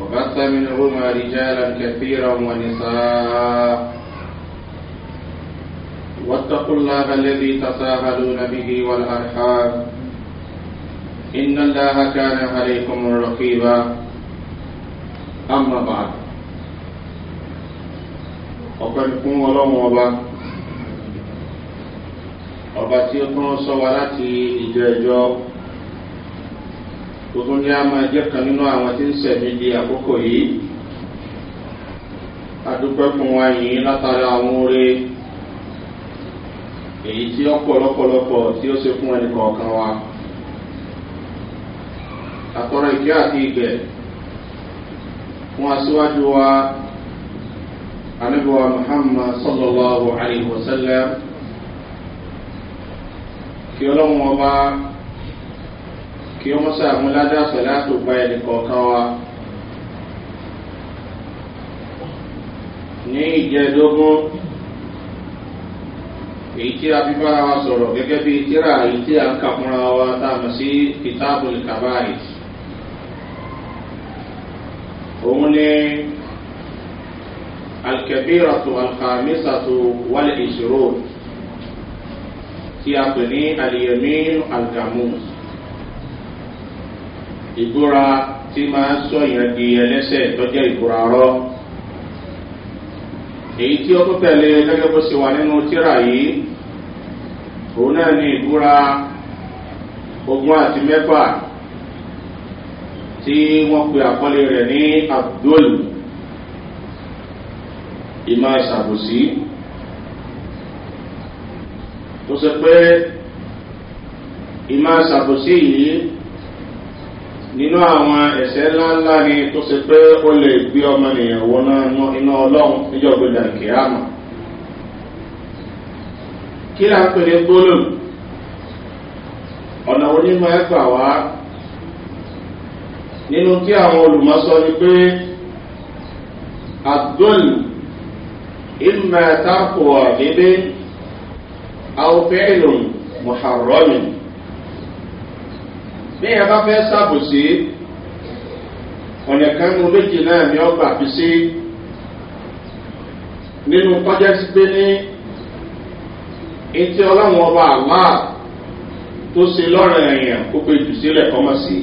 وبث منهما رجالا كثيرا ونساء واتقوا الله الذي تساهلون به والأرحام إن الله كان عليكم رقيبا أما بعد ọpẹ́ fún ọlọ́run ọba ọba tí ó tún sọ wa láti ìjọ ẹjọ́ tuntun ni a máa jẹ́ kan nínú àwọn tí ń sẹ̀mí di àkókò yìí adúpẹ́ fún wa yìí látara àwọn oore èyí tí ó pọ̀ tí ó ṣe fún ẹnì kọ̀ọ̀kan wa àtọ́rọ̀ ìkẹ́ àti ìgbẹ́ fún aṣíwájú wa anábíwá muhammad sallallahu alayhi wa sallam kí ọlọ́run ọba kí wọ́n sàmúládà sọ̀látò bá ẹnì kọ̀ọ̀kan wa. ní ìjẹ́dógún èyí tí a fi bára wa sọ̀rọ̀ gẹ́gẹ́ bí tíra èyí tí a ń kà fúnra wa tá a mọ̀ sí kìtáàbù kàbáyì. òun ni alkebiratu alkhamisatu wal ìṣòro tí a pè ní aliyemi algamus ìbúra tí máa ń sọ yẹn di ẹlẹ́sẹ̀ lọ́jọ́ ìbúra rọ́ èyí tí ó tún tẹ̀lé gẹ́gẹ́ bó ṣe wà nínú tíra yìí òun náà ní ìbúra ogún àti mẹ́fà tí wọ́n pe àkọlé rẹ̀ ní abdul ìmọ̀ ìṣàbòsí tó ṣe pé ìmọ̀ ìṣàbòsí yìí nínú àwọn ẹ̀sẹ̀ ńláńlá ni tó ṣe pé ó lè gbé ọmọnìyàn wọ náà iná ọlọ́run níjọ́ gbẹ̀dà kìámà kí là ń pè ní gbólóhùn ọ̀nà onímọ̀ ẹ̀fà wá nínú tí àwọn olùmọ̀sọ ni pé àdóòlù ìmọ̀ ẹ̀ta kò wà níbí àwọn bí ẹ bá fẹ́ sàbòsí ọ̀nà kan nu méjì náà ni ọgbà fi sí nínú kọjá sí pé ní etí ọlọ́run ọba àlá tó se lọ́rọ̀ èèyàn kó pe jù sílẹ̀ kọ́mọ̀ sí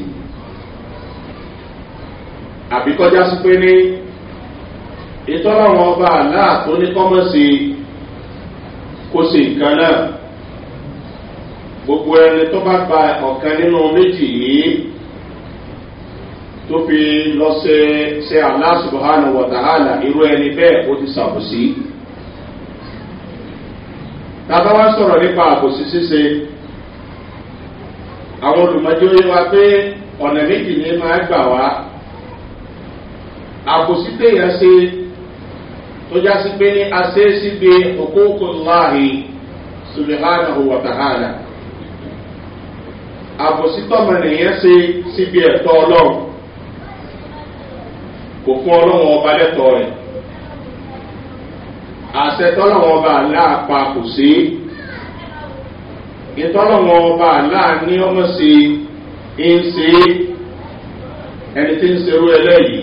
àbí kọjá sí pé ní etí ọlọ́run ọba àlá tó ní kọ́mọ̀ sí kó ṣe nǹkan náà gbogbo ẹni tó bá gba ọ̀kan nínú méjì yìí tó fi lọ ṣe ṣe aláṣubuhánu wọ̀tàhánà irú ẹni bẹ́ẹ̀ ó ti ṣàbòsí. tábà wá sọ̀rọ̀ nípa àbòsí ṣíṣe àwọn olùmọ̀jọ́ yìí wá pé ọ̀nà méjì ni máa gbà wá àbòsí téèyàn ṣe tó já sí pé ní aṣeésí bíi òkúkú láàrin subuhánu wọ̀tàhánà àbòsítọ́mọ nìyẹn ṣe síbi ẹ̀tọ́ ọlọ́run kò fún ọlọ́run ọba lẹ́tọ̀ọ́ rẹ̀ àṣẹ tọ́lọ́run ọba aláàpá kò sí ìtọ́lọ́run ọba aláàní ọmọ sí ń ṣe ẹni tí ń ṣerú ẹlẹ́yìí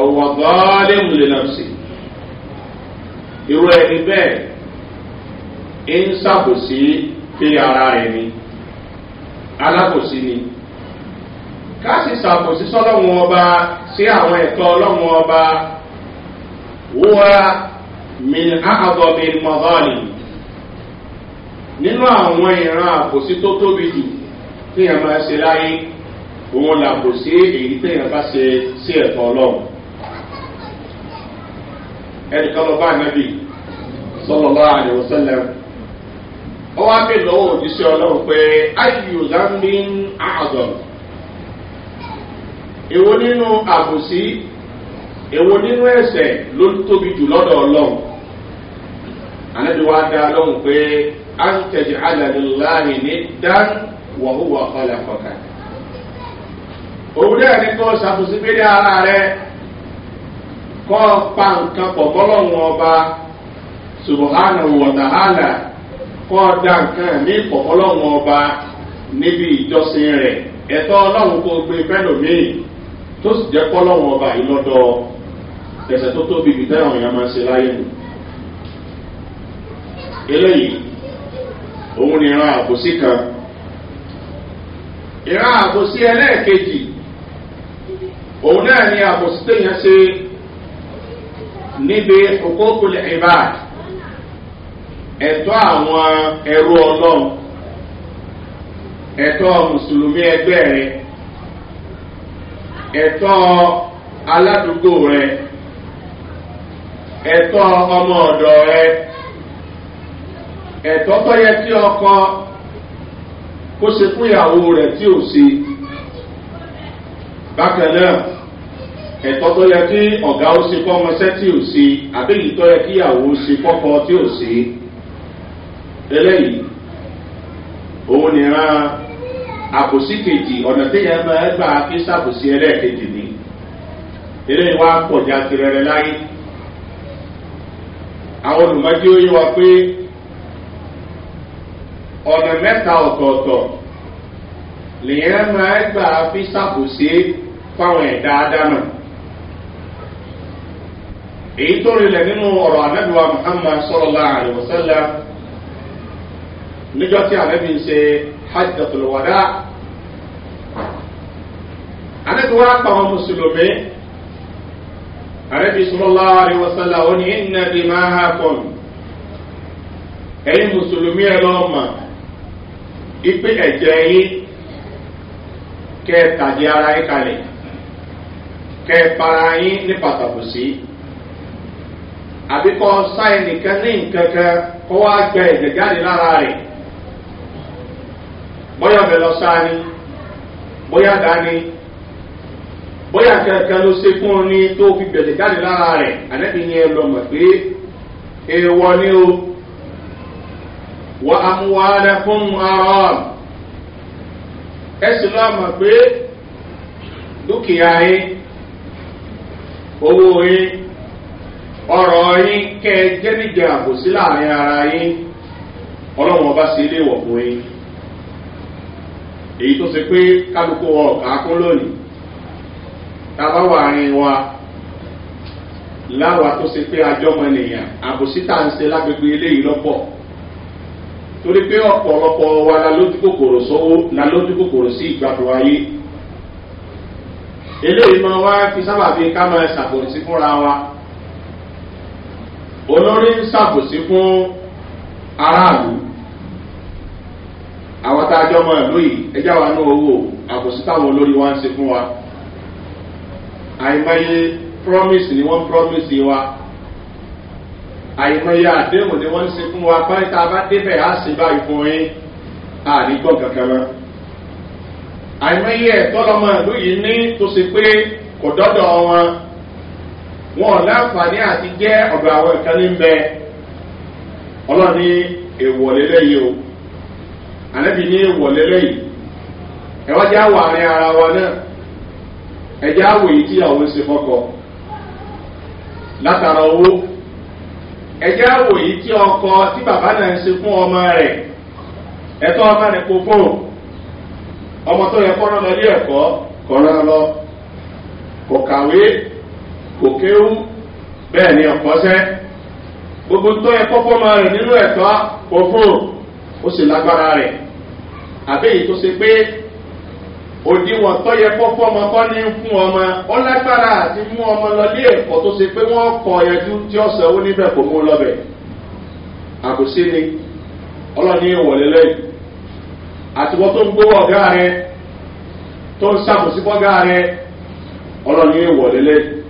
ọ̀wọ̀ gọ́ọ́lẹ́ múlẹ̀nàmùsì irú ẹni bẹ́ẹ̀ ń ṣàkóso pé ara rẹ̀ ni alábòsí ni ká sì ṣàbòsí sọ́lọ́wọ́n ọba sí àwọn ẹ̀tọ́ ọlọ́wọ́n ọba wúwa min ahadọ̀bì mọ̀gọ́ọ̀lì nínú àwọn ìran àbòsí tó tóbi jù tí yẹn máa ṣe láyé òun làbòsí èyí tí yẹn bá ṣe sí ẹ̀tọ́ ọlọ́run ẹnìkan lọ bá ànábì sọlọ́lá àdìwọ̀sẹ́lẹ̀ ó wá bè lọ́wọ́ òjíṣẹ́ ọlọ́run pé ayu zambin azọm èwo nínú àbòsí èwo nínú ẹsẹ̀ ló tóbi jù lọ́dọ̀ ọlọ́run ànábi wá dá lọ́hùn pé ní dán wọ̀húwọ̀ ọ̀là ẹni kọ́ ọba subuhana kọ́ da nǹkan ní ìpọ̀fọ́lọ́wọ́n ọba níbi ìjọsìn rẹ̀ ẹ̀tọ́ ọlọ́run kò gbé fẹ́lòmíì tó sì jẹ́ kọ́lọ́wọ́n ọba yìí lọ́dọ̀ ẹ̀sẹ̀ tó tóbi bí tẹ́wọ̀n yẹn máa ń ṣe láyé nù. eléyìí òun ni ìran àbòsí kan ìran àbòsí ẹlẹ́ẹ̀kejì òun náà ni àbòsí téèyàn ṣe níbi òkókòlè ìbáàdì ẹ̀tọ́ àwọn ẹrú ọlọ́run ẹ̀tọ́ mùsùlùmí ẹgbẹ́ rẹ ẹ̀tọ́ aládùúgbò rẹ ẹ̀tọ́ ọmọ ọ̀dọ̀ rẹ ẹ̀tọ́ tọ́yẹ tí ọkọ kó ṣe fún ìyàwó rẹ̀ tí ò ṣe bákan náà ẹ̀tọ́ tó yẹ kí ọ̀gá ó ṣe fọ́mọṣẹ́ tí ò ṣe àbẹ́yìí tó kí ìyàwó ṣe fọ́kọ tí ò ṣe eléyìí òun nìran àkòsí kejì ọ̀nà téèyàn máa gbà kí sàkòsí ẹlẹ́ẹ̀kejì ní eléyìí wá pọ̀ jákèrè láyé àwọn olùmọ́jú yé wa pé ọ̀nà mẹ́ta ọ̀tọ̀ọ̀tọ̀ lèyàn máa gbà fi sàkòsí fáwọn ẹ̀dá ádámà èyí tó rinlẹ̀ nínú ọ̀rọ̀ anábìwá muhammad sọ̀rọ̀ láàrin wọ́sálà níjọ́ tí ànábì ń ṣe hajjatul wada ànábì wá pa àwọn mùsùlùmí ànábì sọlọ́lá àríwọ̀sálà ó ní ìnà bí máa ha kọ́n ẹ̀yin mùsùlùmí ẹ̀ lọ́mà ipe ẹ̀jẹ̀ yín kẹ́ẹ̀ tàdí ara yín kalẹ̀ kẹ́ẹ̀ para yín ní pàtàkì sí àbíkọ́ sáyẹn nìkan ní nǹkan kan kó gbẹ ẹ̀jẹ̀ jáde lára rẹ̀ bóyá bẹ̀ lọ sáà ni bóyá dá ni bóyá kankan ló ṣe fún un ní tó fi gbẹ̀dẹ̀ jáde lára rẹ̀ ànábì yẹn lọ mọ̀ pé èèwọ̀ ni o wà á mú wa rẹ fún aram ẹ sì lọ mọ̀ pé dúkìá yín owó yín ọ̀rọ̀ yín kẹ́ ẹ jẹ́ níjà àbòsí láàrin ara yín ọlọ́run ọba sí ilé ìwọ̀kùn yín èyí tó ṣe pé kálukú wọn ọ̀ká kún lónìí tá a bá wà àárín wa láwa tó ṣe pé àjọmọ nìyàn àbòsí tá à ń ṣe lágbègbè eléyìí lọ́pọ̀ torí pé ọ̀pọ̀lọpọ̀ wa la lójú kòkòrò sówó la lójú kòkòrò sí ìgbàdo ayé eléyìí máa wá fi sábàbí ká máa ṣàbòsí fúnra wa olórí ń ṣàbòsí fún aráàlú àwọn tá a jọ mọ ìlú yìí ẹjá wa ní owó àbòsí táwọn olórí wa ń se fún wa àìmọye promise ni wọ́n promise wa àìmọye àdéhùn ni wọ́n ń se fún wa báyìí tá a bá débẹ̀ á sì báyìí fún yín àdígbọ́ kankan mọ́ àìmọye ẹ̀tọ́ lọ́mọ ìlú yìí ní tó ṣe pé kò dọ́dọ̀ wọn wọn láǹfààní àti jẹ́ ọ̀dọ̀ àwọn ìkànnì ń bẹ ọlọ́ni èèwọ̀ lélẹ́yìí o. ànábì ní ìwọ̀lẹ́ lẹ́yìn ẹ̀wọ́n jẹ́ àwọ̀ àárín ara wa náà ẹ̀jẹ̀ àwọ̀ èyí tí ìyàwó ń fọ́kọ látara owó ẹ̀jẹ̀ àwọ̀ tí ọkọ tí bàbá náà ń fún ọmọ rẹ̀ ẹ̀tọ́ ọmọ rẹ̀ kò fóun ọmọ tó yẹ lọ ilé ẹ̀kọ́ kọ́rọ́ lọ kò kàwé kò kéwú bẹ́ẹ̀ ni ọ̀pọ̀ sẹ́ gbogbo tó yẹ kọ́kọ́ nínú ẹ̀tọ́ kò fóun ó sì lágbára àbẹ́yìí tó ṣe pé òdiwọ̀n tó yẹ kọ́kọ́ ọmọ kọ́ ní fún ọmọ ó lágbára àti mú ọmọ lọlé ẹ̀kọ́ tó ṣe pé wọ́n kọ ẹ̀dú tí ó sanwó níbẹ̀ kò mú lọ́bẹ̀ àbòsí ni ọlọ́ni ìwọ̀lẹ́ lẹ́yìn àtiwọ́ tó ń gbówó ọ̀gá rẹ tó ń fọ́gá rẹ ọlọ́ni ìwọ̀lẹ́ lẹ́yìn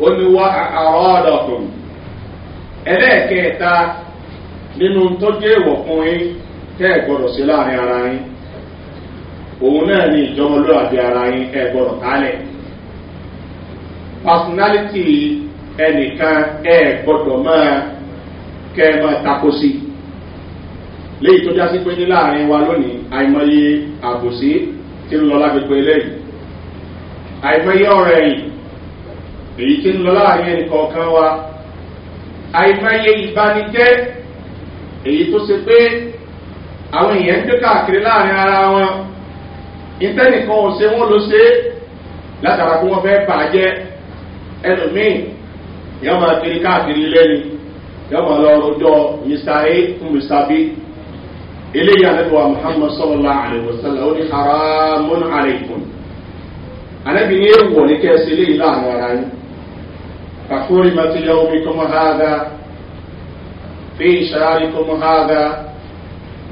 ó ní wá àrọ́ọ̀dọ̀kùn ẹlẹ́ẹ̀kẹta nínú tọ́jú èèwọ̀ fún yín tẹ́ ẹ̀ gbọ́dọ̀ sí láàrin ara yín òun náà ní ìjọmọlúwàbí ara yín ẹ̀ gbọ́dọ̀ kálẹ̀ pásínálítì ẹnìkan ẹ̀ gbọ́dọ̀ máa kẹ́ ẹ máa tako sí léyìí tó jásí pé ní láàrin wa lónìí àìmọye àbòsí tí ń lọ lágbègbè lẹ́yìn àìmọye ọ̀rẹ́ èyí tí ń lọ láàrin wa àìmọye ìbánijẹ́ èyí tó ṣe pé àwọn èèyàn ń dé káàkiri láàrin ara wọn ìtẹ́nìkan ò ṣe wọ́n ló ṣe látara kí wọ́n fẹ́ bàjẹ́ ẹlòmíì máa kiri káàkiri lẹ́ni yọ́n máa lọ rọjọ́ mr a muhammad ó ní haramun ní eléyìí láàrin فحرمة يومكم هذا في شهركم هذا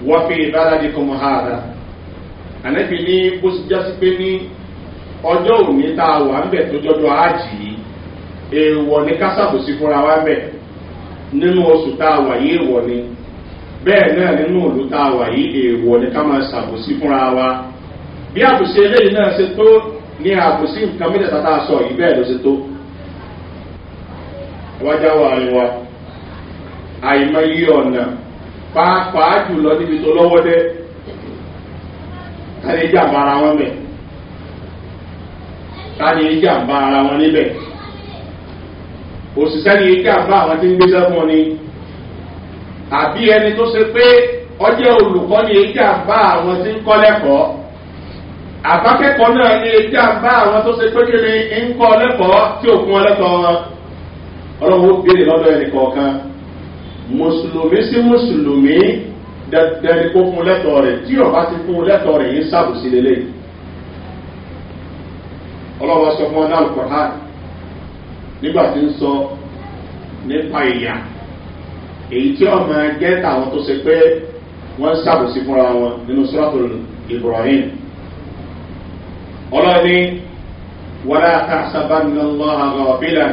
وفي بلدكم هذا ànẹ́bí ní bó ti jásí pé ní ọjọ́ òní tá a wà ń bẹ̀ tó jọjọ́ ájì èèwọ̀ ní kásàbòsí fúnra wa bẹ̀ nínú oṣù tá a wà yí èèwọ̀ ni bẹ́ẹ̀ náà nínú òlú tá a wà yí èèwọ̀ ni ká máa ṣàbòsí fúnra wa bí àbòsí eléyìí náà ṣe tó ní àbòsí nǹkan mẹ́tẹ̀ẹ̀ta tá a sọ yìí bẹ́ẹ̀ ló ṣe tó wájà wà ní wa àìmọ iye ọ̀nà pàápàá jùlọ níbi tó lọ́wọ́ dẹ́ ká ní jàmbá ara wọn bẹ̀ ká ní jàmbá ara wọn níbẹ̀ òṣìṣẹ́ ni jàmbá àwọn tí ń gbé sẹ́fún ni àbí ẹni tó ṣe pé ọjọ́ olùkọ́ ni jàmbá àwọn tí ń kọ́ lẹ́kọ̀ọ́ àbákẹ́kọ̀ọ́ náà ni jàmbá àwọn tó ṣe pé kí ni ń kọ́ lẹ́kọ̀ọ́ tí ò fún wọn ọlọ́run ó béèrè lọ́dọ̀ ẹnì kọ̀ọ̀kan mùsùlùmí sí mùsùlùmí dandan kó fún lẹ́tọ̀ọ́ rẹ̀ tí ọba ti fún lẹ́tọ̀ọ́ rẹ̀ yín sábùsí lélẹ́yìí ọlọ́wọ́ sọ fún ọdá alukọ̀hán nígbà tí ń sọ nípa ìyà èyí tí ọmọ ẹgbẹ́ tàwọn tó ṣe pé wọ́n ń ṣàbòsí fúnra wọn nínú sọ́tòlù ibrahim ọlọ́ni wọ́n á ta sábà nínú ọlọ́hàn ọ̀bílẹ̀.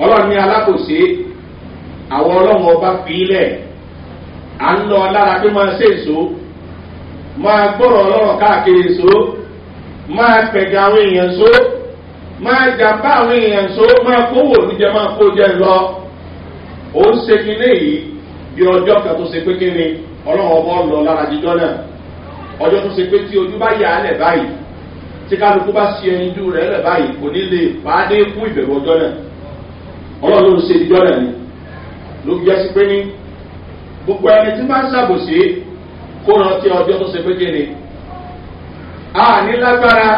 ọlọ́run ní alákòóse àwọn ọlọ́run ọba fìlẹ̀ à ń lọ lára pé máa ṣe èso máa gbọ́rọ̀ ọlọ́run káàkiri èso máa pẹ̀gà àwọn èèyàn so máa jàmbá àwọn èèyàn so máa kówó oníjẹ máa kó jẹ lọ ó ń ṣe kí léyìí bí ọjọ́ kan tó ṣe pé kí ni ọlọ́run ọba lọ lára jíjọ́ náà ọjọ́ tó ṣe pé tí ojú bá yà á lẹ̀ báyìí tí kálukú bá ṣe ẹyin dúró rẹ̀ lẹ̀ báyìí kò ní lè bá fún ìbẹ̀rù ọjọ́ náà ọlọ́run ló ń ṣe ìjọ rẹ̀ ni ló fi jẹ́ sí pé ní gbogbo ẹni tí máa ń ṣàbòsí kó rántí ọjọ́ tó ṣe pé kí ni a ní lágbára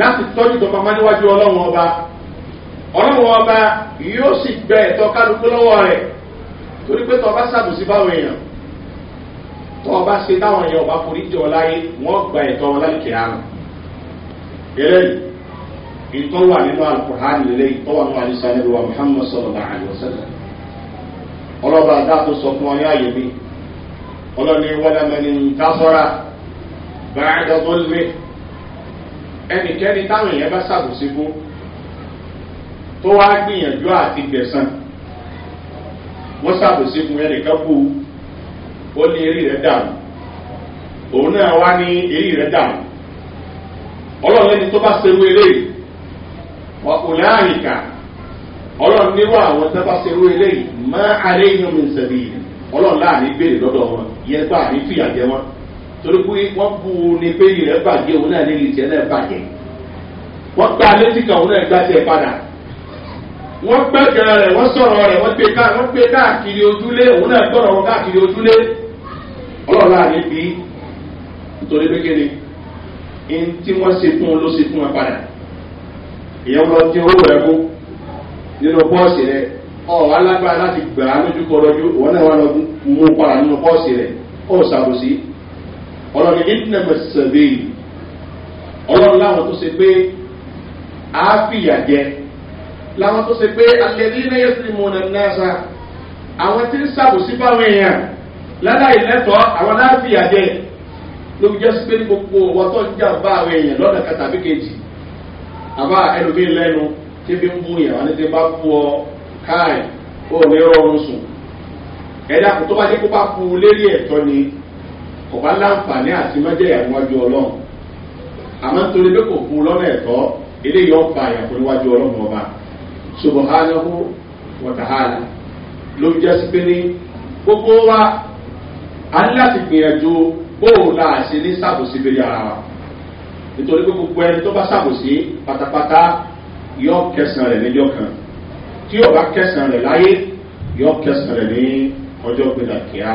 láti tọ́jú ìjọba níwájú ọlọ́run ọba ọlọ́run ọba yóò sì gbẹ ẹ̀tọ́ kálukú lọ́wọ́ rẹ̀ torí pé tọ́ bá ṣàbòsí báwọn èèyàn tọ́ ọba ṣe táwọn èèyàn ọba forí jọ láyé wọ́n gba ẹ̀tọ́ wọn láì kìí àná eléyìí ìtọ́ wà nínú alukùránì lélẹ́ ìtọ́ wà nínú àdìsá níbi wa muhammad sọlọ́dà àlùsẹ́lẹ̀ ọlọ́ba àdáàtò sọ fún ọyá yẹmi ọlọ́ni wọlẹ́mẹ́ni ntásọ́ra bàádọ́gbọ́lẹ́ ẹnikẹ́ni táwọn èèyàn bá ṣàbùsí fún tó wá gbìyànjú àti gbẹ̀sán wọ́n ṣàbùsí fún ẹnìkan kú ó ní eré rẹ̀ dànù òun náà wá ní eré rẹ̀ dànù ọlọ́run tó bá ṣerú eré wàkùnlẹ̀ àyíká ọlọ́run níwọ̀ àwọn tẹ́fà ṣe rú eléyìí má àléyìn omi ìṣẹ̀lẹ̀ yìí ọlọ́run láàrin béèrè lọ́dọ̀ wọn yẹn bá àní fìyà jẹ wọn torí pé wọ́n bu ni pé ìrẹ́ bàjẹ́ òun náà nílì tiẹ̀ náà bàjẹ́ wọ́n gbá létí kan òun náà gbá tiẹ̀ padà wọ́n gbẹ́gẹ̀rẹ̀ rẹ̀ wọ́n sọ̀rọ̀ rẹ̀ wọ́n gbé káàkiri ojúlé òun náà gbọ́dọ̀ wọn káàkiri ojúlé ọlọ́run láàrin bí nítorí pé kéde ẹni tí wọ́n ṣe fún un ló ṣe fún wọn padà èèyàn lọ dín owó rẹ kú nínú bọ́ọ̀sì rẹ ọ̀ alágbára láti gbà á lójú kọ lọ́jú ìwọ náà wà lọ mú padà nínú bọ́ọ̀sì rẹ ọ̀ sàbòsí ọlọ́ni ìdínàmọ̀ sẹ̀bẹ̀yì ọlọ́ni láwọn tó ṣe pé á fìyà jẹ láwọn tó ṣe pé àtẹ̀lé náà yẹ sí mọ̀nà náà sa àwọn tí ń sàbòsí báwọn èèyàn láláì lẹ́tọ̀ọ́ àwọn náà fìyà jẹ lóbi jẹ́ sí pé gbogbo ọ̀wọ́ ń jà bá èèyàn lọ́nà kàtàbí kejì àbá ẹlòmí lẹ́nu tí fi ń bú ìyàwó ní ti bá fún ọ káì ó ní rọrùn sùn ẹ̀dá kò tó bá dé kó bá fún un lérí ẹ̀tọ́ ni kò bá láǹfààní àti mọ́jẹ́ ìyàwó wájú ọlọ́run àmọ́ nítorí pé kò fún un lọ́nà ẹ̀tọ́ eléyìí ọ̀pá ìyàwó níwájú ọlọ́run ọba subahánahu wàtàhálà ló jẹ́ sí pé ní gbogbo wa a ní láti gbìyànjú bóòlà àṣírí sàbòsí lórí ara wa nítorí pé gbogbo ẹni tó bá ṣàbòsí pátápátá yọ kẹsàn rẹ níjọ kan tí yóò bá kẹsàn rẹ láyé yọ kẹsàn rẹ ní ọjọ gbẹdà kíá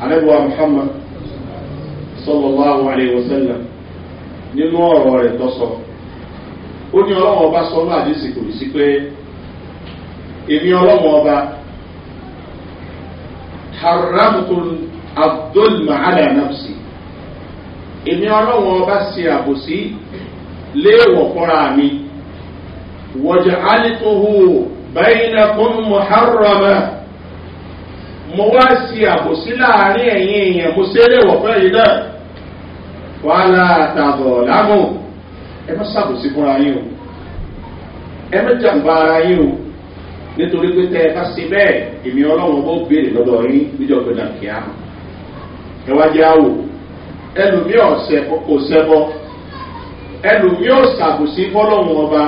alẹ́bùwà muhammad sallallahu alayhi wa sallam nínú ọ̀rọ̀ rẹ̀ tó ó ní ọlọ́wọ́n ọba sọ ní àdísì kò sí pé èmi ọlọ́wọ́n ọba haramtun abdul mahala nafsi èmi ọlọ́wọ́n ọba ṣe àbòsí léèwọ̀ fúnra mi wọ̀jà alituhu bẹ́yìnà fún muharrama mo wá ṣe àbòsí láàrin ẹ̀yìn èèyàn mo ṣe léèwọ̀ fún ẹ̀yìn náà wàhálà tàbọ̀ lámù ẹ má ṣàbòsí fúnra yín o ẹ má jàǹbá ara yín o nítorí pé tẹ ẹ bá ṣe bẹ́ẹ̀ èmi ọlọ́wọ́n bó béèrè lọ́dọ̀ yín níjọ́ gbẹ̀dàkíá ẹ wá jẹ́ àwò. ẹlòmí ọ̀sẹ̀ kò sẹ́bọ ẹlòmí ọ̀sàbòsí fọlọ́hún ọba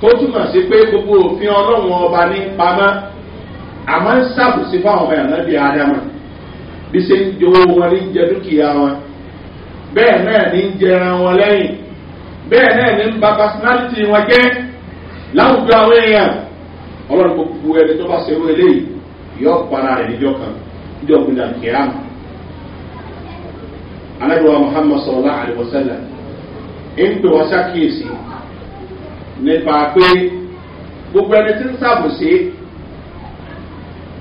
tó túmọ̀ sí pé gbogbo òfin ọlọ́hún ọba ní pamọ́ àmọ́ ń sàbòsí fáwọn ọmọ ẹ̀rọ bíi ádámà bí ṣe ń jowó wọn ní jẹ dúkìá wọn bẹ́ẹ̀ náà ní ń jẹran wọn lẹ́yìn bẹ́ẹ̀ náà ní ń ba personality wọn jẹ́ láwùjọ àwọn èèyàn ọlọ́run gbogbo ẹni tó bá ṣerú yọ rẹ̀ kan anábìwá muhammad sọlá àlùbọ̀sẹ́lẹ̀ ń pè wọ́n ṣàkíyèsí nípa pé gbogbo ẹni tí ń ṣàbùsí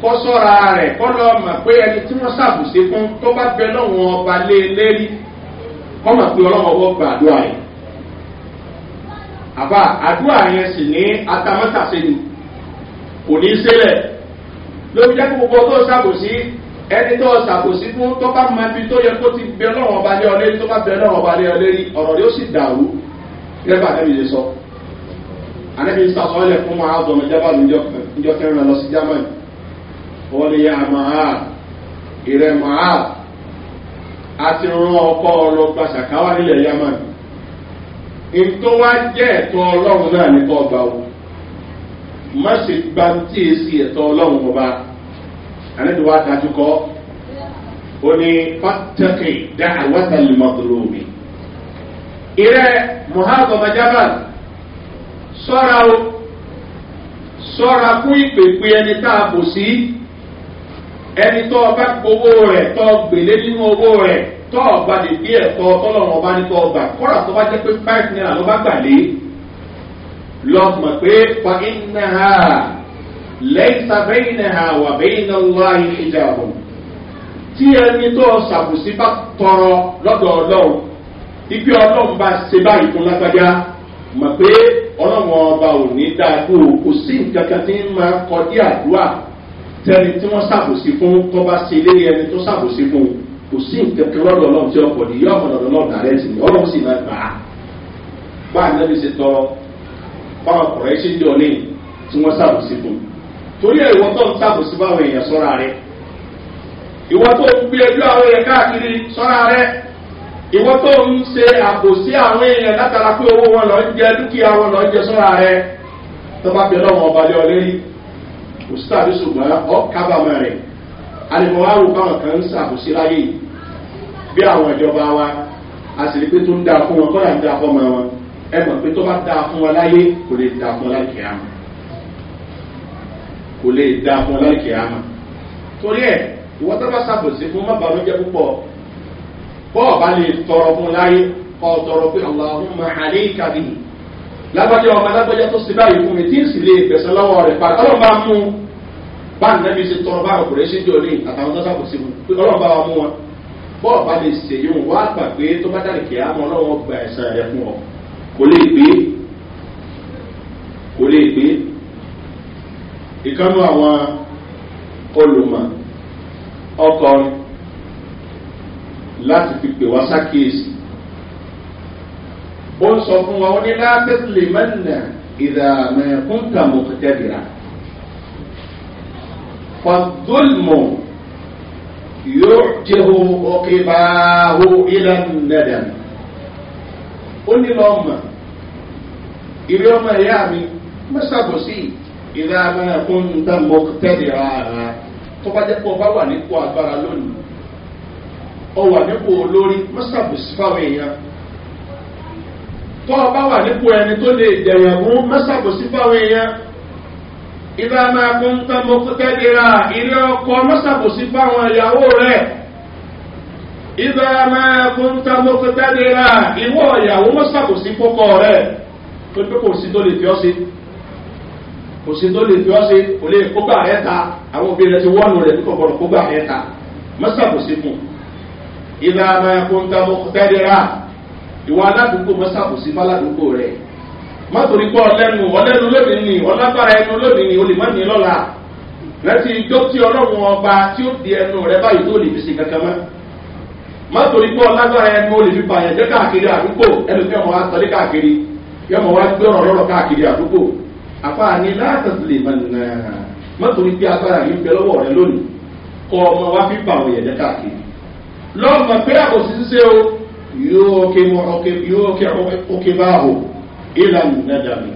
kọ́ sọ́ra rẹ̀ kọ́ lọ mà pé ẹni tí wọ́n ṣàbùsí fún tó bá bẹ lọ́wọ́n ọba lé lérí kọ́ mà pé ọlọ́wọ́ wọ́n gbàdúrà yìí àbá àdúrà yẹn sì ní kò ní í lóbi jẹ́ kó gbogbo tó ṣàbùsí ẹni tó ṣàkóso fún tó bá máa fi tó yẹ kó ti bẹ ọlọ́wọ́n balẹ̀ ọlẹ́ tó bá bẹ ọlọ́wọ́n balẹ̀ ọlẹ́ rí ọ̀rọ̀ yóò sì dàrú gẹ́gẹ́ bá anábì lè sọ. anábì ń sàkọọ́lẹ̀ fún máa zọmọ jábà níjọ kẹrin lọ sí germany. wọ́n lè yá màá ìrẹ́ màá àti rán ọkọ ọlọ gba ṣàkáwá nílẹ̀ germany. ètò wa jẹ́ ẹ̀tọ́ ọlọ́run náà ní kọ́ gbà ó. má ṣe gba tí èsì ẹ̀tọ́ ọlọ́run ọba àlejò wa dájú kọ́ ó ní pátákì dá àwọ̀tà lùmọ̀gbọ̀lùmí. ìrẹ́ muhammed majabal sọ́ra o sọ́ra fún ìpèpè ẹni tá a bò sí ẹni tó ọba gbowó rẹ̀ tó gbèlé nínú owó rẹ̀ tó ọba lè gbé ẹ̀kọ́ tọ́lọ́run ọba ní kọ́ ọgbà kọ́ra tó bá jẹ́ pé five naira ló bá gbà lé lọ́ọ̀mọ̀ pé fa iná ha lẹ́yìn bẹ́yìn ha wà bẹ́yìn náà láàyè ìjà ọ̀hún tí ẹni tó ṣàbùsí bá tọrọ lọ́dọ̀ ọlọ́run ibi ọlọ́run bá ṣe báyìí fún lágbájá mọ̀ pé ọlọ́run ọba ò ní dáa kó o kò sí nǹkan kan tí ń máa kọ dí àdúrà tẹni tí wọ́n ṣàbùsí fún tó bá ṣe lé ẹni tó ṣàbùsí fún kò sí nǹkan kan lọ́dọ̀ ọlọ́run tí ọkọ̀ ní yọ ọ̀pọ̀ lọ́dọ̀ ọlọ́run dàrẹ́ tí wọ́n ṣàbùsí fún un torí ẹ̀wọ́ tó ń tàbò sí báwọn èèyàn sọ́ra rẹ̀ ìwọ tó ń gbé ẹjọ́ àwọn èèyàn káàkiri sọ́ra rẹ̀ ìwọ tó ń ṣe àbòsí àwọn èèyàn látara pé owó wọn lọ ń jẹ dúkìá wọn lọ ń jẹ sọ́ra rẹ̀ tó bá bẹ̀rẹ̀ ọba lé ọ lérí kò sí tàbí ṣùgbọ́n ọ kábàámọ̀ rẹ̀ alẹ́mọ̀ wa rò báwọn kan ń ṣàbòsí láyé bí àwọn ìjọba wa àṣírí pé tó ń dáa fún wọn kọ́ra ń dáa wọn ẹ mọ̀ pé tó bá dáa fún wọn láyé kò lè dáa fún wọn láyé kìí kò lè da fún ọlọ́ọ̀kì àmà torí ẹ̀ ìwọ́n tó bá ṣàbòsí fún má bàlójẹ́ púpọ̀ bọ́ọ̀ bá lè tọrọ fún láyé kọ́ tọrọ pé ọlọ́run máa hàlẹ́ ìkàbí lágbájá ọmọ lágbájá tó ṣe báyìí fún mi tí ń sì lè gbẹ̀sẹ̀ lọ́wọ́ rẹ̀ padà ọlọ́run bá mú bá nẹ́bí ṣe tọrọ bá ọkùnrin ṣe jọ ní àtàwọn tó ṣàbòsí fún pé ọlọ́run bá wa mú wọn bọ́ọ̀ bá lè ṣèyí wọn wá gbà pé tó bá dàrí kìá ọlọ́run gba ẹ̀sán rẹ̀ fún ọ kò lè gbé kò lè gbé ìkánú àwọn olùmọ̀ ọkọrin láti fi pè wá sákèésì ó ń sọ fún wa ó ní lábẹ́sílẹ̀ mẹ́nà ìdààmẹ́kún tàmù kẹtẹ́dìrà fàdúlmọ̀ yóò jẹ́hu ọkẹ́bàáhù ilẹ̀ nẹ́dàm ó ní lọ́mọ ìrí ọmọ ìyá mi mẹ́sàbọ̀sí ìdá abẹ́rẹ́ fún ntàmọ́ tẹ́lẹ̀ rárá tó bá jẹ́ pé ọba wà nípò agbára lónìí ọ wà nípò olórí mọ́sàbùsì fáwọn èèyàn tó ọba wà nípò ẹni tó lè jẹ̀yàn mú mọ́sàbùsì fáwọn èèyàn ìdá máa fún ntàmọ́ tẹ́lẹ̀ rà ilé ọkọ mọ́sàbùsì fáwọn ìyàwó rẹ̀ ìdá máa fún ntàmọ́ tẹ́lẹ̀ rà ìwọ ìyàwó mọ́sàbùsì fọ́kọ rẹ̀ tó kò sí tó lè fi ọ́ sí kò sí tó lè fi ọ́ ṣe kò lè kógbà rẹ̀ ta àwọn òbí rẹ̀ ti wọ́ọ̀nù rẹ̀ nípa ọ̀pọ̀lọpọ̀ kógbà rẹ̀ ta mọ́sàkó sí fún ìlà àmàkùn tàbí tẹ́lẹ̀ra ìwà aládùúgbò mọ́sàkó sí fáládùúgbò rẹ̀ má torí pé ọlẹ́nu ọlẹ́nu lónìí ni ọlágbára ẹnu lónìí ni olè má ní lọ́la rántí ijó tí ọlọ́run ọba tí ó di ẹnu rẹ báyìí tó lè fi ṣe kankan mọ́ má torí pé ọlágbára ẹnu olè fi pààyàn jẹ́ káàkiri àdúgbò ẹnu kí ọmọ wa tọ́lé káàkiri kí ọmọ wa gbé ọ̀rọ̀ lọ́rọ̀ káàkiri àdúgbò àfa ni látàtìlè mọ̀nà mọ́tò ní pé agbára yìí ń bẹ wo rẹ lónìí ko ọmọ wa fi bà wọ̀nyẹ̀ jẹ́ káàkiri lọ́mọ pé àkòsí ṣe o yóò ké mọ ọkẹ yóò ké ọkẹ Ati ìlànà ị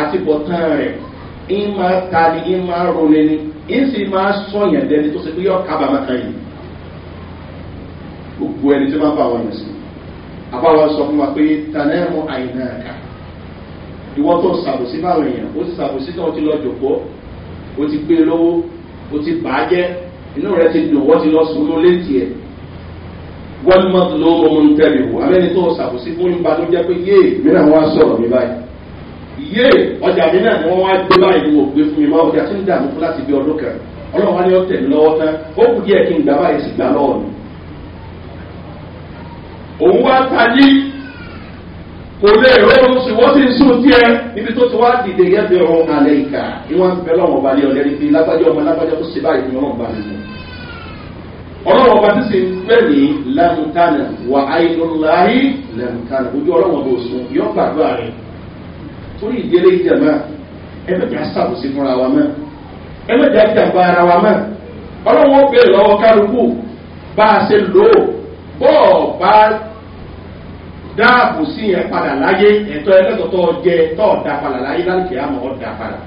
àti bọ̀tán rẹ̀ ń máa ta ni ń máa ronú ni ma sì máa sọ fún wa pé tanẹ́mù ìwọ tó ṣàbòsí báwọn èèyàn ó ti ṣàbòsí tó ti lọ jòkó ó ti gbé e lówó ó ti bà á jẹ́ inú rẹ ti dùn wọ́n ti lọ sùn ló létí ẹ̀ wọ́n mọ̀ ló ọmọ ń tẹ̀lé wò abẹ́ni tó ṣàbòsí fún nípa tó jẹ́ pé yéè mìíràn wọ́n á sọ̀rọ̀ mi báyìí yéè ọjà mi náà ni wọ́n wá gbé báyìí wò gbé fún mi máa ọjà tí ń dààmú fún láti bí ọdún kan ọlọ́run wá ní ọ̀tẹ̀ mi lọ́wọ́ tán ó kù díẹ̀ kí n gbà báyìí sì gbà lọ́wọ́ mi. òun wá ta ní kò lè rọrùn sí wọ́n sì ń sùn díẹ̀ níbi tó ti wá dìde yẹn fi rọrùn alẹ́ ìka ìwọ̀n ń bẹ lọ́wọ́ balẹ̀ ọ̀lẹ́ ní fi lágbájá ọmọ lágbájá tó ṣe báyìí ní ọlọ́run balẹ̀ mọ́. ọlọ́run ọba ti sì ń pè ní lamutana wà áyínláyé lamutana ojú ọlọ́run ọba òsùn yọ gbàdúrà rẹ̀ torí ìdílé ìjàmbá ẹgbẹ́jà sàbòsí fúnra wa mọ́ ẹgbẹ́jà jàmbá ara wa mọ́ ọlọ́run ó bèèrè lọ́wọ́ kálukú bá a ṣe lò ó bọ́ọ̀ bá dáàbò sí yẹn padà láyé ẹ̀tọ́ ẹlẹ́tọ̀ tó jẹ tó ọ̀dà padà láyé lálùkẹ́ àmọ́ ọ̀dà padà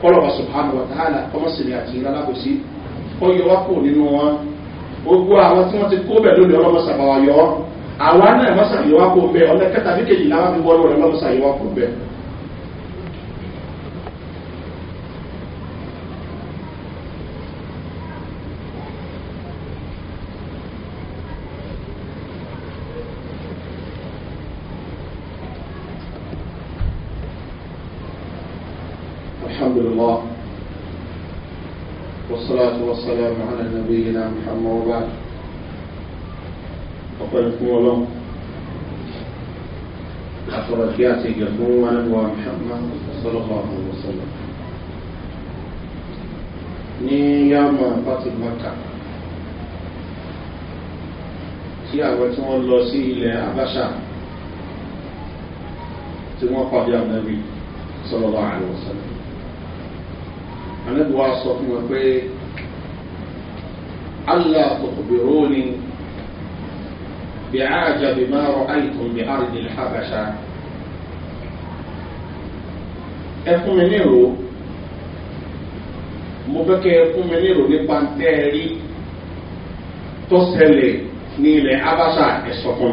kọ́lọ̀ wa subhanahu wa ta'ala kọ́mọ́sìlẹ̀ àti ìrànlábòsí ọyọ wa kò nínú wọn gbogbo àwọn tí wọ́n ti kó bẹ̀ lónìí ọlọ́mọsà bá wa yọ àwa náà mọ́sà yọ wa kò bẹ́ẹ̀ ọlẹ́kẹ́ta bí kejì láwa fi wọ́ọ́rọ́ ọlọ́mọsà yọ wa kò bẹ́ẹ̀. الله والصلاة والسلام على نبينا محمد وبعد وقلكم الله أخرجياتي يقوم ونبوى محمد صلى الله عليه وسلم ní yàmà pàtì maka tí àwọn tí wọ́n lọ sí ilẹ̀ abáṣà tí wọ́n pàdé ànábì sọlọ́lá àlùwọ̀sánà àlẹ́bí wa sọ fún wọn pé allah tọkùbìrò bí àjà bí máa rọ bí àrùn ìlhàbàṣà ẹ fún mi ní mo ẹ fún mi nípa abasa ẹ sọ fún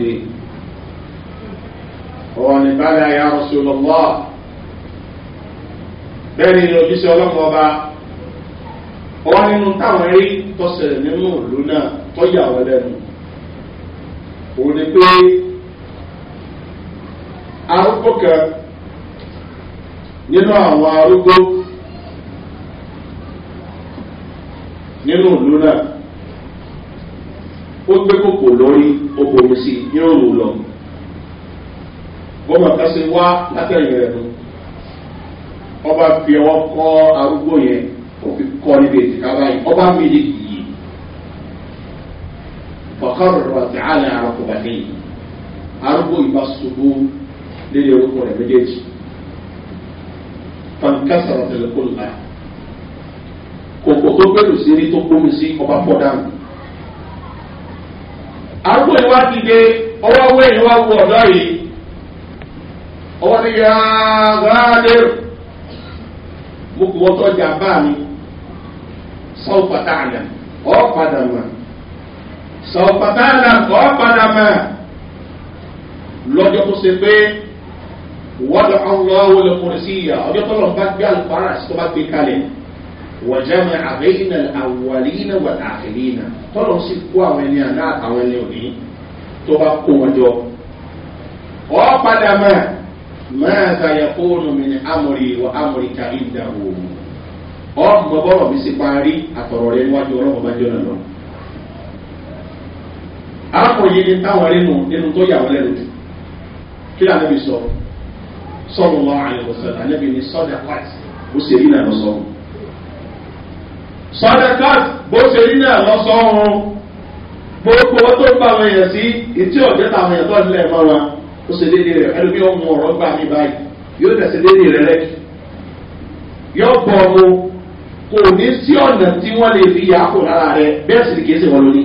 mi ọ̀wọ̀n ìbára ya rọ̀ṣùlọ́lọ́ bẹ́ẹ̀ ni òjíṣẹ́ ọlọ́pàá ọba ọwọ́ nínú táwọn rí tọ́sẹ̀rẹ̀ nínú òlú náà tọ́yà wọ́n lẹ́nu òun ni pé arúgbó kan nínú àwọn arúgbó nínú òlú náà ó gbé kòkò lórí ó bomi sí nínú òlú lọ́wọ́. bọ́mọ̀ kan ṣe wá látẹ̀yìn rẹ̀ dùn ọba fi ọwọ́ kọ́ arúgbó yẹn ó fi kọ́ níbi ètìká báyìí ọba bàkàrọ̀ rẹ̀ àlẹ́ arúgbó yìí bá ṣubú lórí orúkọ rẹ̀ méjèèjì fankásàrọ̀ tẹlifóònù náà kòkò tó gbèrú sí ní tó gbómi sí ọba fọ́ dànù arúgbó yìí wá ọwọ́ ní yá gbádẹ́rù mo kò wọ́tọ́ jà bá mi sọ́ọ́ pàtà àná ọ́ padà mọ́ sọ́ọ́ pàtà àná ọ́ padà mọ́ lọ́jọ́ tó ṣe pé wọ́dọ̀ ọ̀nà wọlé kùrìsíyà ọjọ́ tó lọ bá gbé àlùfáà sí tó bá gbé kalẹ̀ wọ̀jẹ́mi àbẹ́yìnà àwàlìyìnà wà àkìlìyìnà tọ́lọ̀ sì kó àwọn ẹni àná àtàwọn ẹni òní tó bá kó wọn jọ. ọ̀ padà ماذا يكون من أمري وأمرك عنده amụrụ bọ́rọ̀ mi sì parí àtọ̀rọ̀ ó ṣe dédé rẹ̀ ẹlòmí ọmọ ọ̀rọ̀ gbà mí báyìí yóò tẹ̀sí dédé rẹ̀ rẹ̀ yóò bọ̀ ọmọ kò ní sí ọ̀nà tí wọ́n lè fi yà á kò lára rẹ̀ bẹ́ẹ̀ sì ni kìí ṣe wọ́n lórí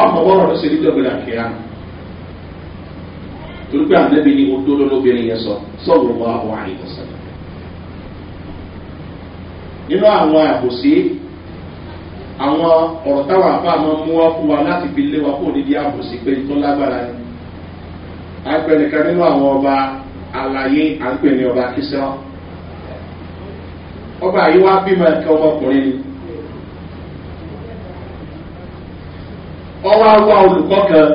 ọmọ bọ́rọ̀ ló ṣe níjọ́ gbẹ̀dà kìíyà torí pé ànábì ni odó lọ́lọ́bìnrin yẹn sọ sọ̀rọ̀ wà wà ní ìkọ̀sẹ̀ nínú àwọn àbòsí àwọn ọ̀rọ̀ táwọn àpá àmọ́ mú wá fún wa láti fi lé wa kó nídìí sí pé tó lágbára ni àpẹnìkan nínú àwọn ọba àlàyé à ń pè ní ọba kíṣẹ́ ọba yìí wá bímọ ẹ̀kẹ́ ọmọkùnrin ni olùkọ́ kan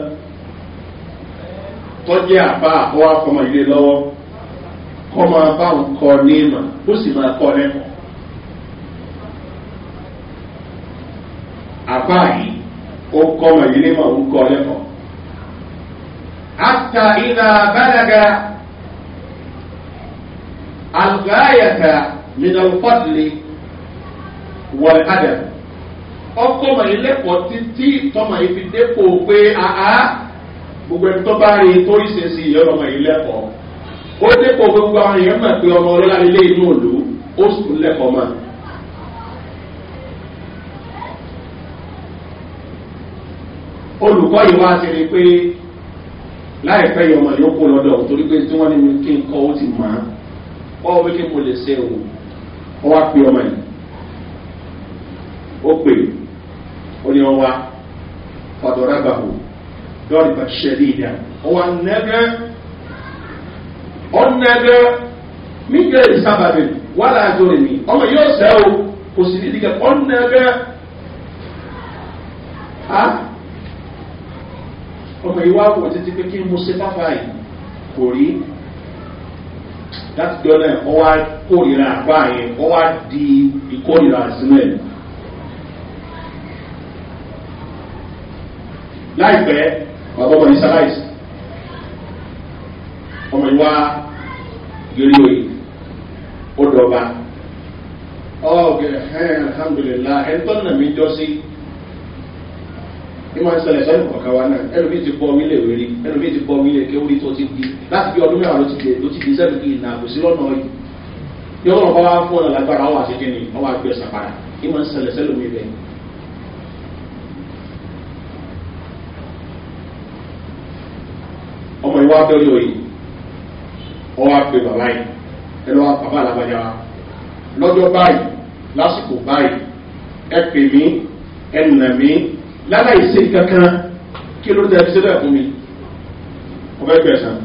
tọ́jú ilé lọ́wọ́ kọ́ máa bá òun kọ ní ìmọ̀ ó sì máa àfa yìí ó kọ́ ọmọ yìí lémọ̀ ń kọ́ lẹ́kọ̀ọ́. àtà ìlà bàdàgà àgbáyàtà títí ìtọ́mọ̀ yìí pé àá gbogbo ẹni tó bá rí tó ìṣesí ó dépò gbogbo àwọn èèyàn mọ̀ pé ọmọ ọlọ́lá inú ó sùn lẹ́kọ̀ọ́ olùkọ́ yìí wá sí ni pé láìpẹ́ yìí ọmọ yóò kó lọ́dọ̀ torí pé tí wọ́n ní kí n kọ́ ó ti mọ̀ án wọ́n wí kí mo lè ṣe òun wọ́n wá pe ọmọ yìí ó pè ó ní wọn wá fàdọ̀rà gbàgbó lọ́ọ̀dì bá ṣẹlẹ̀ ìdá wọn nẹ́gẹ́ ọ̀nẹ́gẹ́ nígbẹ́ ìsábàbí wà láàjọ rẹ̀ ní ọmọ yóò sẹ́ o kò sì ní ìdíkẹ́ ọ̀nẹ́gẹ́ ọmọ ìwà wò títí pé kí n mú sí pápá yìí kò rí láti jọ náà ọwá kórìíra àbá yẹn ọwá di ìkórìíra sínú ẹ̀. láìpẹ́ bàbá ọmọ ìsáláìsì ọmọ ìwà gírí oyè ó dọ̀ba ọ̀gẹ̀ oh, ẹ̀ alhamdulilayi ẹ̀ tọ́nà mi jọ sí ní máa ń ṣẹlẹ̀ sẹ́nu kọ̀ọ̀kan wa náà ẹlòmíì ti bọ́ wílé wérí ẹlòmíì ti bọ́ wílé kéwúrí tó ti di láti bí ọdún mẹ́wàá ló ti di ló ti di sẹ́nu kí ìnà àbòsí lọ́nà yìí yóò rọ̀ bá wá fún ọ̀nà lágbára ọwọ́ àti kíni ọwọ́ àgbẹ̀ ṣàpàdà ní máa ń ṣẹlẹ̀ sẹ́lòmíì bẹ́ẹ̀. ọmọ ìwà abẹ́ oyè yìí ọwọ́ àgbẹ̀ bàbá yìí ẹlọ bàbá alábàjá lọ́jọ́ báyìí lásìkò báyìí ẹ pè mí ẹ nà mí láláì ṣe kankan kí ló dé ẹbí sílẹ̀ fún mi mo fẹ́ gbẹ̀sán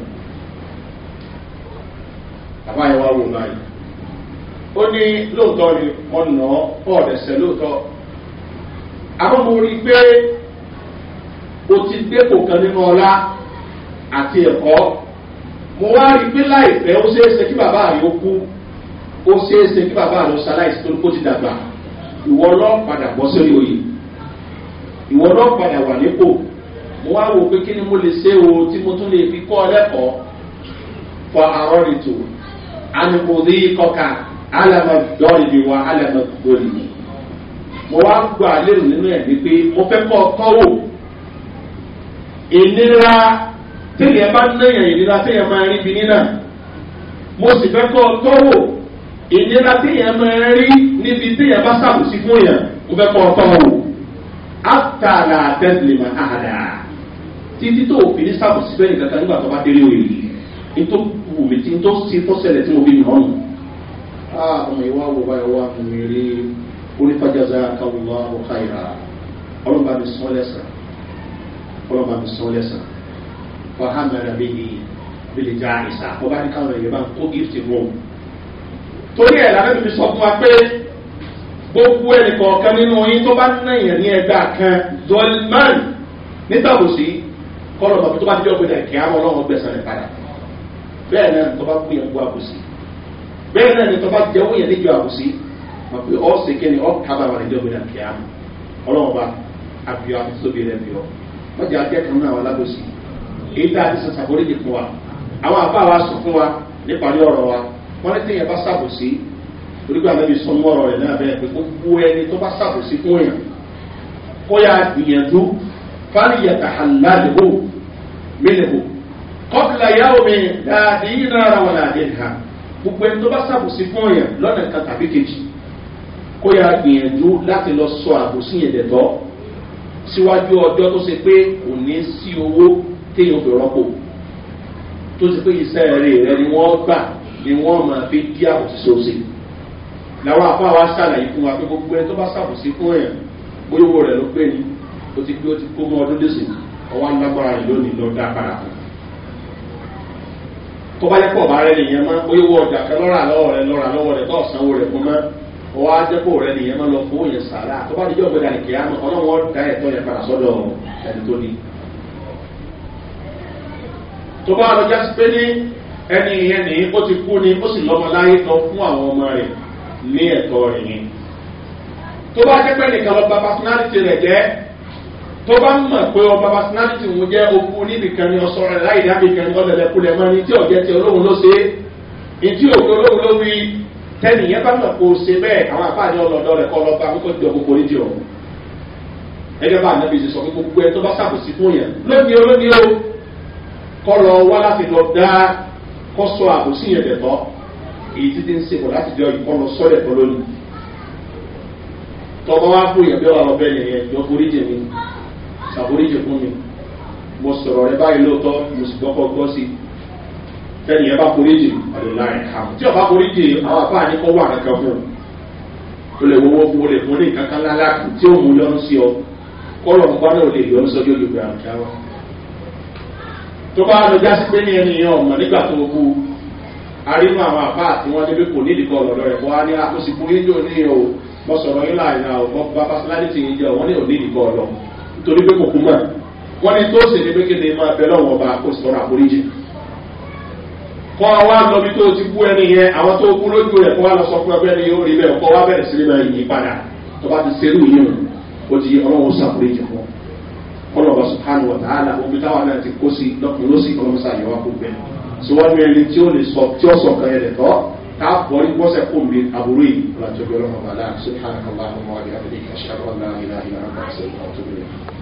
bàbá yẹn wá wò báyìí ó ní lóòótọ́ ni ọ̀nà ọ̀dẹ̀sẹ̀ lóòótọ́ àwọn mo rí pé o ti gbé kò kan nínú ọlá àti ẹ̀kọ́ mo wá rí i pé láìpẹ́ ó ṣeé ṣe kí bàbá rẹ̀ ó kú ó ṣeé ṣe kí bàbá rẹ̀ ó ṣaláìsí tó ti dàgbà ìwọ ọlọ́pàá dàgbọ́ sórí oyè ìwọ náà padà wà nípò mo wá wò pé kí ni mo lè ṣe o tí mo tún lè fi kọ́ lẹ́kọ̀ọ́ fọ àrọ́rìtò ànìkòdì kọ́ka alàmọ̀dọ́rìbì wa alàmọ̀dọ́rìbì mo wá gbà lérò nínú ẹ̀ ní pé mo fẹ́ kọ́ kọ́wò ìnira tẹ́lẹ̀ bá náyà ìnira tẹ́lẹ̀ máa rí bi nínà mo sì fẹ́ kọ́ kọ́wò ìnira tẹ́lẹ̀ máa rí níbi tẹ́lẹ̀ bá sàbòsí fún yàn mo fẹ́ kọ́ kọ́wò tá a là tẹ́sílẹ̀ mọ́ àdá títí tó òfin ní sábò síbẹ̀ nìkan kan nígbà tó bá délé òye ní tó wù mí tí tó ṣe tó ṣẹlẹ̀ tí mo fi nà ọ́nù. a ah, ọmọ ìwà wo bá ìwà mi rí onífàjáza káwùwá ọ̀ka ìhà ọlọ́ba mi sọ lẹ́sàn ọlọ́ba mi sọ lẹ́sàn wàhámẹ́rẹ́ mi ni mi lè já ọba ní káwọn èèyàn bá ń kó gift mọ́ torí ẹ̀ lábẹ́ mi sọ fún wa pé gbogbo ẹnìkọ̀ọ̀kan nínú yín tó bá náyàn ní ẹgbẹ́ kan dolman nítàbùsí kọ́lọ̀ bàbá tó bá jẹ́ ọ̀gbẹ́dà kí á mọ̀ ọlọ́run gbẹ̀sán rẹ̀ padà bẹ́ẹ̀ náà tó bá kú yẹn gbọ́ àbùsí bẹ́ẹ̀ náà ni tó bá jẹ́ wọ́n yẹn níjọ àbùsí wọ́n pe ọ́ sì kéde ọ́ kábàámà rẹ̀ jẹ́ ọ̀gbẹ́dà kí á mọ̀ ọlọ́run bá àbíọ́ àtúntóbi rẹ̀ bíọ́ wọ́n jẹ́ ajẹ́ kan náà wà lábòsí èyí tá a ti sàṣàbóríjì fún wa àwọn àbá wa sọ fún wa nípa ní ọ̀rọ̀ wa wọ́n ní tẹ́yìn bá sàbòsí torípé àmọ́ ibi sọmọ́rọ̀ rẹ̀ náà bẹ́ẹ̀ pé gbogbo ẹni tó bá sàkóso fún èèyàn kó yà gbìyànjú fáríyàtà àlàlẹ́wò mílẹ̀wò kọ́pìlà yà omi dáadé yìí náà ra wọn àdé ha gbogbo ẹni tó bá sàkóso fún èèyàn lọ́nà kan tàbí kejì kó yà gbìyànjú láti lọ sọ àbòsí yẹn dẹ̀tọ́ síwájú ọjọ́ tó ṣe pé kò ní sí owó téèyàn fi rọ́pò tó ṣe pé iṣẹ́ rẹ̀ rẹ̀ ni wọ́n gbà ni wọ́n máa fi dí àbòsí sóṣèlú. làwọn àbá wa ṣàlàyé fún wa pé gbogbo ẹni tó bá ṣàbòsí fún ẹ̀yàn bóyá owó rẹ̀ ló pé ni ó ti pé ó ti kó mọ ọdún lẹ́sìn ọwọ́ alágbára rẹ̀ lónìí lọ dá padà fún tó bá yẹ pọ̀ bá rẹ̀ nìyẹn mọ́ bóyá owó ọjà kan lọ́ra lọ́wọ́ lọ́ra lọ́wọ́ lọ fún yẹn padà sọ́dọ̀ ẹni tó tó bá lọ jásí pé ní ẹni nìyí ó ti kú ni ó sì lọ́mọ láyé lé ẹ̀tọ́ rẹ̀ ni tó bá jẹ́ pé nìkan lọ personality rẹ̀ jẹ́ tó bá ń mọ̀ pé ọba personality òun jẹ́ okú níbìkan ni ọ̀sọ̀ rẹ̀ láì dábìkan ni ọ̀lẹ̀lẹ̀kulẹ̀ mọ́ ni tí ọ̀jẹ̀ ti olóhùn ló ṣe é tí òkú olóhùn ló wí tẹ́nìyẹn bá mọ̀ kó o ṣe bẹ́ẹ̀ àwọn àfáàní ọlọ́dọ̀ rẹ̀ kọ́ lọ bá kókó jọ gbogbo nídìí ọ̀hún ẹgbẹ́ bá ànábì ṣe sọ pé gbogbo ẹ tó bá ṣàkóso fún yẹn lónìí olónìí o kọ́ lọ wá láti lọ dá kọ́ sọ àkóso yẹn dẹ̀ tọ́ èyí títí ń sèpọ̀ láti jọ ìkọlọ sọ́lẹ̀ kọ́ lónìí tọ́gbọ́n wá fún yẹn bí ọ̀rọ̀ bẹ́ẹ̀ lè yẹn jọ foríjì mi ṣàforíjì fún mi mo sọ̀rọ̀ rẹ báyìí lóòótọ́ mo sì gbọ́kọ̀ gbọ́ sí fẹ́ni yẹn bá foríjì àdùnlá rẹ̀ kà tí ọba foríjì àwọn àbá kọ́ wà kankan fún un o lè wọ́wọ́ fún o lè fún ní kankan lálá tí ó mú yọ́n sí ọ kọ́lọ̀ nǹkan náà lè yọ́n sọ́jọ́ lóògbé àrùn tó bá lọ jásí pé ní ẹni yẹn ọ̀mọ̀ nígbà tó o kú arínú àwọn àbá àti wọn débi kò nídìí kan lọ́dọ̀ rẹ̀ kó wá ní àkóṣìkú yíjọ ní o mọ sọ̀rọ̀ yín láàyè o mọ bá fásilálítì yín jẹ́ o wọ́n ní ònídìí kan lọ nítorí pé kò mọ̀ wọ́n ní tó ṣe ní pé kéde máa bẹ lọ́wọ́ ọba kó sọ̀rọ̀ àforíjì. kọ́ wa tó ti bú ẹni yẹn àwọn tó kú lójú rẹ̀ kọ́ wa lọ sọ ni yóò rí bẹ́ẹ̀ kọ́ wa bẹ̀rẹ̀ o síwájú ẹni tí ó lè sọ tí ó sọ kan ẹ̀rẹ̀ tọ́ ká bọ́rí gbọ́sẹ̀ kó mi àbúrò yìí ọ̀làjọ́gbẹ́ ọlọ́mọba láàrin sí